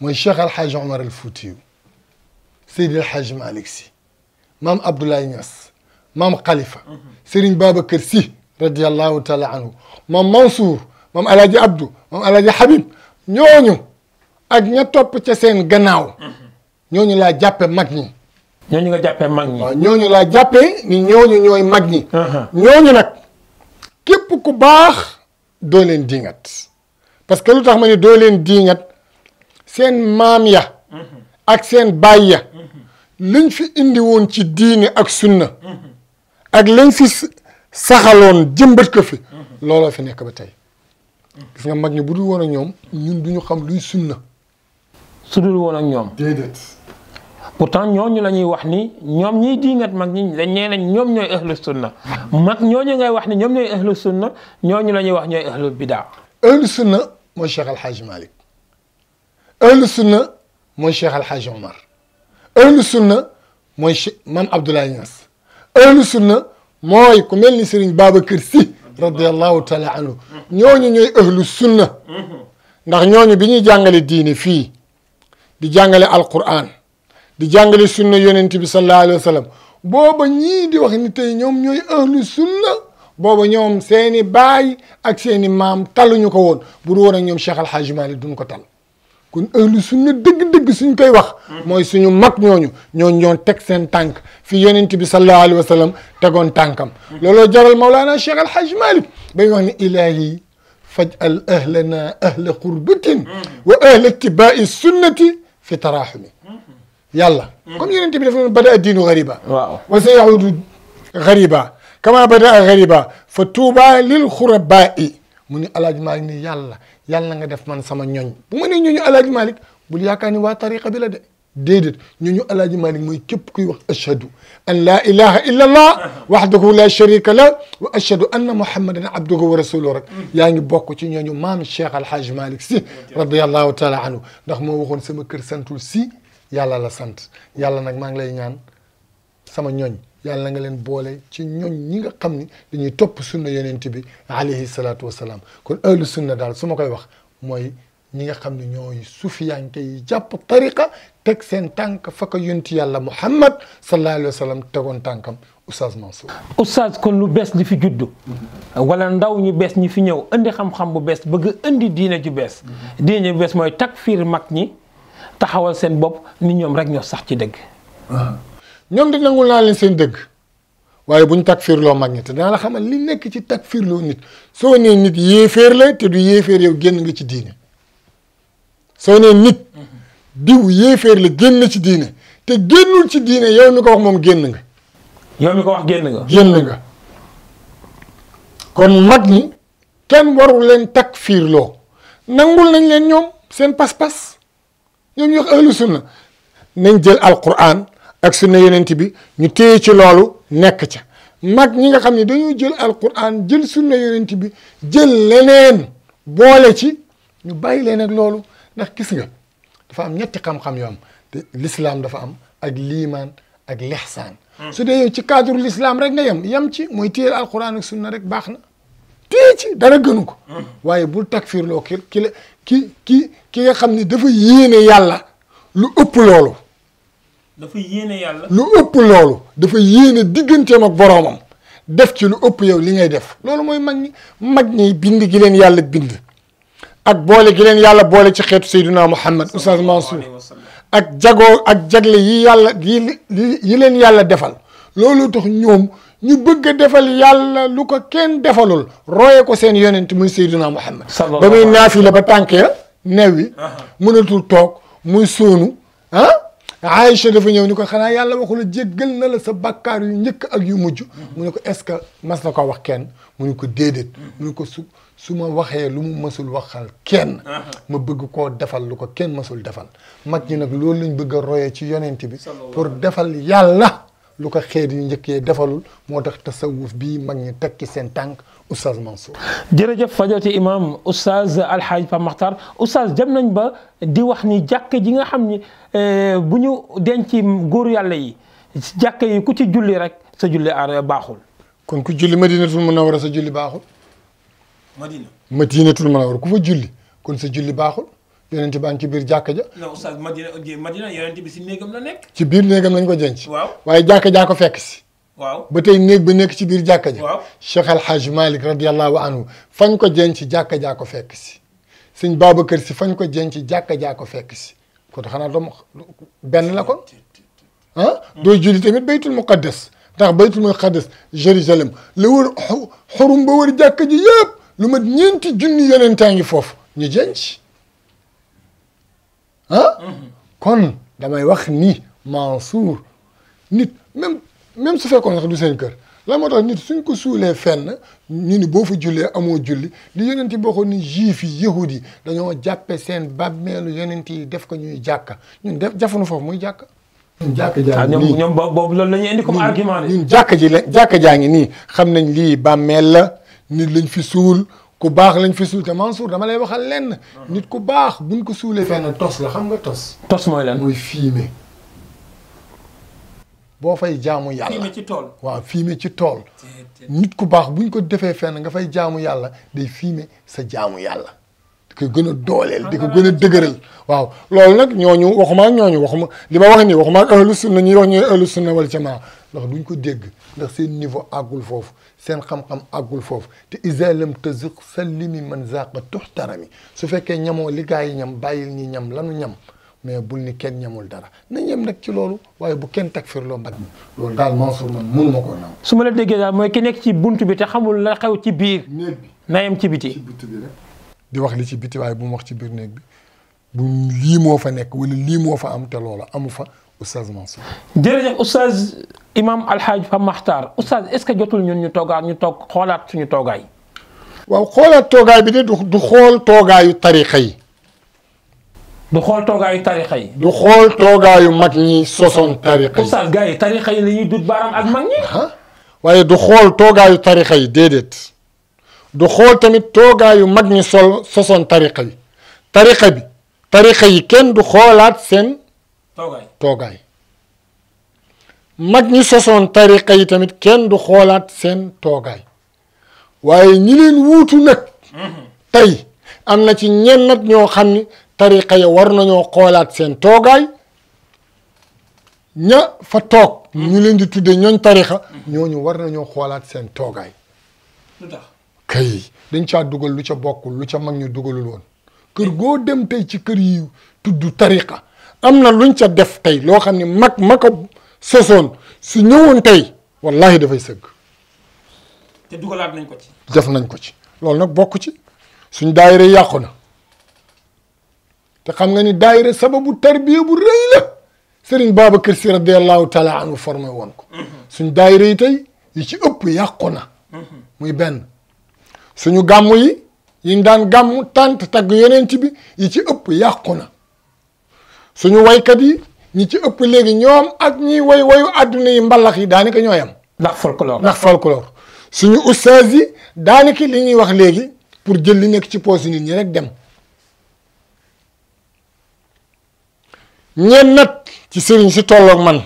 من الشيخ الحاج عمر الفوتي سيدي الحاج مالك سي مام عبد الله نياس مام خليفه سيرين بابكر سي رضي الله تعالى عنه مام منصور مام الادي عبدو مام الادي حبيب ñooñu ak ña topp ca seen gannaaw ñooñu laa jàppe mag ñi ñooñu nga jàppee mag ñi waaw ñooñu laa jàppee ni ñooñu ñooy mag ñi ñooñu nag képp ku baax doo leen diingat parce que lu tax ma ne doo leen diingat seen maam ya ak seen baay ya lañ fi indi woon ci diine ak sunna ak lañ fi saxaloon jëmbat ko fi looloo fi nekk ba tey gis nga mag ñi bu dul woon ak ñoom ñun duñu xam luy sunna su dul woon ak ñoom déedéet pourtant ñooñu la ñuy wax ni ñoom ñiy diingat mag ñi dañ nee nañ ñoom ñooy ahlu sunna mag ñooñu ngay wax ni ñoom ñooy ahlu sunna ñooñu la ñuy wax ñooy ahlu bidaa ahlu sunna mooy Cheikh Alhaaji اهل السنه مو شيخ الحاج عمر اهل السنه مو مام عبد الله ياس اهل السنه مو كمل سيرين بابا كرسي رضي الله تعالى عنه ньо ญ ньоي اهل السنه ناخ ньо ญ بي ني جانغالي في دي جانغالي القران دي جانغالي سنه يونتي بي صلى الله عليه وسلم بابا ني دي واخ ني تي اهل السنه بابا ньоم سيني باي اك مام تالو نيو كو وون شيخ الحاج مالك دون كو kon ahlu sunna deug deug suñ koy wax moy suñu mak ñooñu ñoo ñoo tek seen tànk fi yonent bi sallallahu alayhi wasallam sallam tànkam lolo jaral maulana Cheikh Al Hadj malik bay wax ni ilahi faj'al ahlana ahla qurbatin wa ahla ittiba'i sunnati fi taraaxumi yàlla comme yonent bi dafa noon bada a diinu gariba waaw wa sa yahudu kama bada a gariba lil xurabaa'i muni ni Malik ni yàlla yàlla nga def man sama ñooñ bu ma ne ñooñu alaaj Malik bu yakani wa tariqa bi la de dedet ñooñu alaaj Malik moy kep kuy wax ashhadu an la ilaha illa allah wahdahu la sharika la wa ashhadu anna muhammadan abduhu wa rasuluhu rek yaangi ngi ci ñooñu mam cheikh alhaaj Malik si radiallahu taala anhu ndax mo waxon sama keur santul si yàlla la sante yàlla nak ma ngi lay ñaan sama ñooñ yàlla nga leen boole ci ñoñ ñi nga xam ni dañuy topp sunna yonent bi alayhi salaatu wasalaam kon ahlu sunna daal su ma koy wax mooy ñi nga xam ne ñooy sufiyanke yi jàpp tariqa teg seen tànk fa ko yonti yàlla muhammad sallallahu alayhi wa sallam tegoon tànkam oustaz Mansour oustaz kon lu bees li fi juddu wala ndaw ñu bees ñi fi ñëw indi xam-xam bu bees bëgg indi diine ju bees diine ju bees mooy takfiir mag ñi taxawal seen bopp ni ñoom rek ñoo sax ci dëgg ñom di nangul na leen seen deug waye buñ lo mag nit da dana la xamal li nekk ci lo nit So ne nit yéfer la te du yéfer yow genn nga ci diiné so ne nit diw yéfer la genn ci diiné te gennul ci diiné yow mi ko wax mom genn nga yow mi ko wax genn nga genn nga kon mag ni kenn waru leen lo nangul nañ leen ñom seen pas-pas ñom ñu wax sunna nañ jël alquran ak sunna yonent bi ñu téye ci loolu nekk ca mag ñi nga xam ne dañoo jël al alquran jël sunna yonent bi jël leneen boole ci ñu bàyyi leen loolu ndax gis nga dafa am ñetti xam-xam yoo am te l'islam dafa am ak liimaan ak lexsaan hmm. su dee yow ci cadre l'islam rek nga yem yem ci mooy téyel alquran ak sunna rek baax na téye ci dara gënu ko hmm. waaye bul takfirloo ki ki la ki ki ki nga xam ne dafa yéene yàlla lu ëpp loolu dafa yàlla. lu ëpp loolu dafa yéene digganteem ak boroomam def ci lu ëpp yow li ngay def loolu mooy mag ñi mag ñi bind gi leen yàlla bind ak boole gi leen yàlla boole ci xeetu Seydina Muhammad Oustaz Mansour ak jagoo ak jagle yi yàlla yi yi leen yàlla defal loolu tax ñoom ñu bëgg a defal yàlla lu ko kenn defalul roye ko seen yonent muy Seydina Muhammad ba muy naafi la ba tànkee new wi mënatul toog muy sóonu ah Aïcha dafa ñëw ni ko xanaa yàlla waxu la jéggal na la sa bàkkaar yu njëkk ak yu mujj mu ne ko est-ce que mas ko wax kenn mu ne ko déedéet mu ne ko su su ma waxee lu mu masul waxal kenn uh-huh. ma bëgg koo defal lu ko kenn masul defal mag ñi nag loolu lañ bëgg a royee ci yonent bi pour defal yàlla lu ko xeet yu njëkkee defalul moo tax tasawuf bii mag ñi tekki seen tànk oustaz Mansour. jërëjëf fajoti imam oustaz Alhaaj Pape Makhtar oustaz jëm nañ ba di wax ni jàkk ji nga xam ni eh, bu ñu denc góor yàlla yi jàkk yi ku ci julli rek sa julli aar baaxul. kon ku julli madinatul munawara sa julli baaxul. madina madinatul munawara ku fa julli kon sa julli baaxul. yonent baa ngi ci biir jàkka ja. non oustaz Madina Madina yonent bi si néegam la nekk. ci biir néegam lañ ko denc. waaw waaye jàkka jaa ko fekk si. ba tey néeg ba nekk ci biir jàkka ja. waaw Cheikh El Hadj Malick radiyallahu anhu fañ ko denc jàkka jaa ko fekk si. sëñ Babacar si fañ ko denc jàkka jaa ko fekk si kon xanaa doom benn la kon. ah doo julli tamit baytul muqaddas ndax baytul muqaddas Jérusalem la wër xurum ba wër jàkka ji yëpp lu mat ñeenti junni yonentaa ngi foofu ñu denc. Hein? Mhm. kon damay wax ni Mansour nit même même su fekkoon sax du seen kër la motax nit suñ ko soulé fenn ñu ni boo fa jullee julli li yonenti yi ni juif yi yahud dañoo seen bàmmeelu yonenti def ko ñuy jàkka ñun def jafunu fofu muy jàkka ñun jàkka jaa ah, ngi loolu indi comme argument ñun jàkka ji la jaangi ni xamnañ li bammel nit fi soul. ku baax lañ fi suul te Mansour dama lay waxal lenn. nit ku baax buñ ko suulee. fenn tos la xam nga tos. tos mooy lan mooy fumier. boo fay jaamu yàlla fumier ci tool. waaw fumier ci tool. nit ku baax buñ ko defee fenn nga fay jaamu yàlla day fumier sa jaamu yàlla. di ko gën a dooleel di ko gën a dëgëral. waaw loolu nag ñooñu waxuma ak ñooñu waxuma li ma wax nii waxuma ak ahlu sunna ñuy wax ñooy ahlu sunna wal jamaa ndax duñ ko dégg ndax seen niveau àggul foofu seen xam-xam àggul foofu te isalem tëzuq sa limi man zaqa mi su fekkee ñamoo li yi ñam bàyyil ñi ñam lanu ñam mais bul ni kenn ñamul dara na ñem nag ci loolu waaye bu kenn takfirloo mbagg mi loolu daal Mansour man mun ma koo su ma la déggee daal mooy ki nekk ci bunt bi te xamul la xew ci biir néeg na yem ci biti ci di wax li ci biti waaye bu mu wax ci biir néeg bi bu lii moo fa nekk wala lii moo fa am te loola amu fa استاذ منصور جيرجي استاذ امام الحاج فمختار استاذ اسكو جوتول نيون ني توغا ني توك خولات سوني توغاي واو خولات توغاي بي دو خول توغاي تاريخي دو خول توغاي تاريخي دو خول توغاي ماتني سوسون تاريخي استاذ غاي تاريخي لي دوت بارام اك ماغني ها واي دو خول توغاي تاريخي ديدت دو خول تامي توغاي ماغني سوسون تاريخي تاريخي تاريخي كين دو خولات سين toogaay mag ñi sosoon tariqa yi tamit kenn du xoolaat seen toogaay waaye ñi leen wuutu nag tey am na ci ñennat ñoo xam ni tariqa yi war nañoo xoolaat seen toogaay ña fa toog ñu leen di tudde ñooñ tariqa ñooñu war nañoo xoolaat seen toogaay kay dañ caa dugal lu ca bokkul lu ca mag ñu dugalul woon kër goo dem tey ci kër yi tudd tariqa am na luñ ca def tey loo xam ne mag ma ko sosoon su ñëwoon tey wallahi dafay sëgg. te dugalaat nañ ko ci. def nañ ko ci loolu nag bokku ci suñ daayira yàqu na te xam nga ni daayira sababu tarbiya bu rëy la Serigne Babacar Sy radiyallahu taala anhu formé woon ko. Mm-hmm. suñ daayira yi tey yi ci ëpp yàqu na. Mm-hmm. muy benn suñu gàmm yi yiñ daan gàmm tànt tagg yonent bi yi ci ëpp yàqu na. suñu waykat yi ñi ci ëpp léegi ñoom ak ñiy way wayu àdduna yi mbalax yi daanaka ñooy ndax folklore ndax folklore suñu ustaas yi daanaka li ñuy wax léegi pour jël li nekk ci poosu nit ñi rek dem. ñeen nag ci sëriñ si tolloog man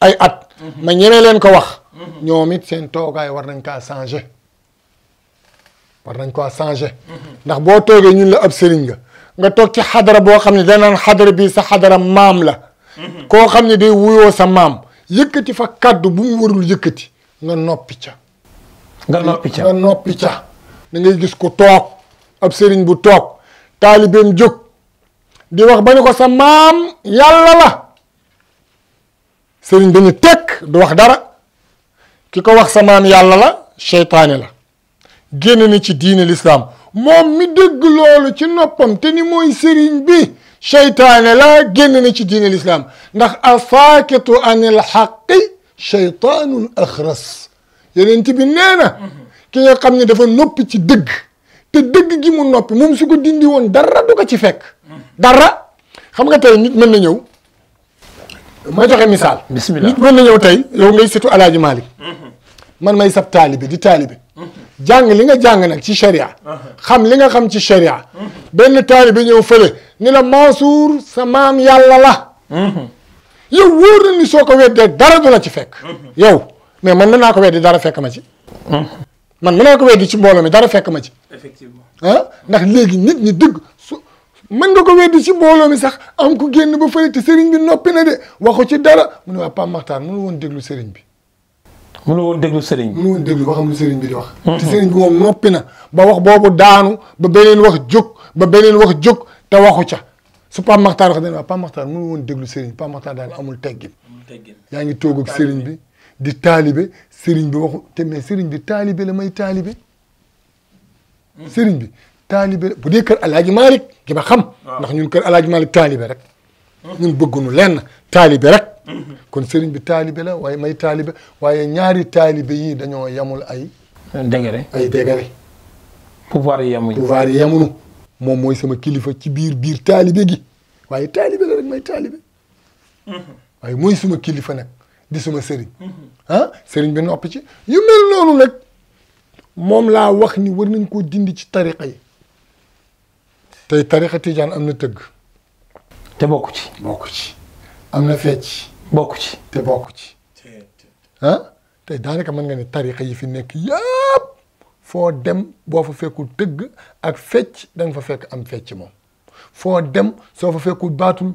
ay at. Mhm. ma ñemee leen ko wax. Mhm. ñoom seen toogaay war nañ kaa changer war nañ kaa changer. Mhm. ndax boo toogee ñun la ab sëriñ nga. nga toog ci xadara boo xam ne danaan xadara bii sa xadara maam la koo xam ne day wuyoo sa maam yëkkati fa kàddu bu mu warul yëkkati nga noppi ca nga noppi ca nga noppi ca da gis ku toog ab sëriñ bu toog taalibeem jóg di wax ba ne ko sa maam yàlla la sëriñ bi ni tekk du wax dara ki ko wax sa maam yàlla la seytaane la génn na ci diine lislaam mom mi deug loolu ci noppam te ni moy serigne bi shaytan la génn na ci diine lislaam ndax asaakitu an ilxaqi seytaanun axras yenent bi neena ki nga xamni dafa noppi ci deug te deug gi mu noppi mom su ko dindi won dara du ko ci fek dara xam nga tay nit meun na ñëw ma joxe misaal bismillah nit mën na ñëw tey yow ngay setu alaaji Malik man may sab taalibe di taalibe jàng li nga jàng nag ci sharia xam li nga xam ci sharia benn taalibe ñëw fële ni la Mansour sa maam yàlla la yow wóor ni soo ko weddee dara du la ci fekk yow mais man mën naa ko weddi dara fekk ma ci man mën naa ko weddi ci mbooloo mi dara fekk ma ci effectivement ah ndax léegi nit ñi dëgg su mën nga ko weddi ci mbooloo mi sax am ko génn ba fële te sëriñ bi noppi na de waxu ci dara mu ne waa Pape Makhtar mënu woon déglu sëriñ bi mënu woon déglu sëriñ bi mënu woon déglu waxam lu sëriñ bi di wax. te sëriñ bi moom noppi na ba wax boobu daanu ba beneen wax jóg ba beneen wax jóg te waxu ca su Pape Makhtar wax dëgg yàlla Pape Makhtar mënu woon déglu sëriñ Pape Makhtar daal amul teggin. yaa ngi toog ak sëriñ bi di taalibe sëriñ bi waxu te mais sëriñ bi taalibe la may taalibe. sëriñ bi taalibe bu dee kër Alaaji Malick gi ma xam. ndax ñun kër Alaaji Malick taalibe rek. ñun bëgguñu lenn taalibe rek. kon sëriñ bi taalibe la waaye may taalibe waaye ñaari taalibe yii dañoo yamul ay. degré ay degré. pouvoir yi yamuñu pouvoir yi yamuñu. moom mooy sama kilifa ci biir biir taalibe gi waaye taalibe la rek may taalibe. waaye mooy suma kilifa nag di suma sëriñ. ah sëriñ bi noppi ci yu mel noonu nag moom laa wax ni war nañ koo dindi ci tariqa yi. tey tariqa tijaan am na tëgg. te bokku ci bokku ci. am na fecc bokk ci te bokk ci te tey daanaka mën nga ni tarixa yi fi nekk yëpp foo dem boo fa fekkul tëgg ak fecc da fa fekk am fecc moom foo dem soo fa fekkul baatul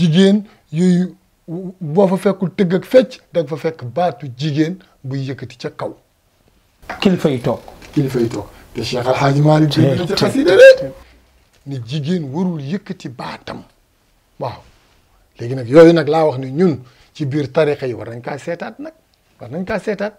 jigéen yooyu boo fa fekkul tëgg ak fecc da fa fekk baatu jigéen buy yëkkati ca kaw kilifa yi toog kilifa yi toog te Cheikh Al Hadj Malick ci xasida ni jigéen warul baatam waaw léegi nag yooyu nag laa wax ne ñun ci biir tarixa yi war nañ kaa seetaat nag war nañ kaa seetaat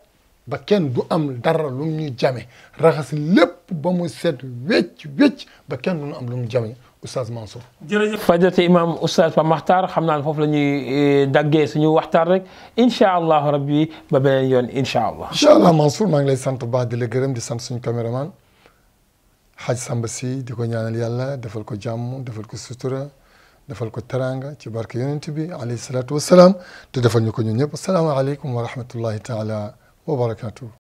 ba kenn du am dara lu ñu jame raxas lépp ba mu set wécc wécc ba kenn du am lu mu jame oustaz Mansour. jërëjëf fajate imaam oustaz Pape Makhtar xam naa ne foofu la ñuy eh, daggee suñu waxtaan rek incha allah rabbi ba beneen yoon incha allah. incha allah Mansour maa ngi lay sant baax di la gërëm di sant suñu caméraman Hadj Samba si di ko ñaanal yàlla defal ko jàmm defal ko sutura. defal ko teraanga ci barke yonent bi alayhi salaatu wa salaam te defal ñu ko ñun ñëpp asalaamaaleykum wa rahmatullahi taala wa barakaatu.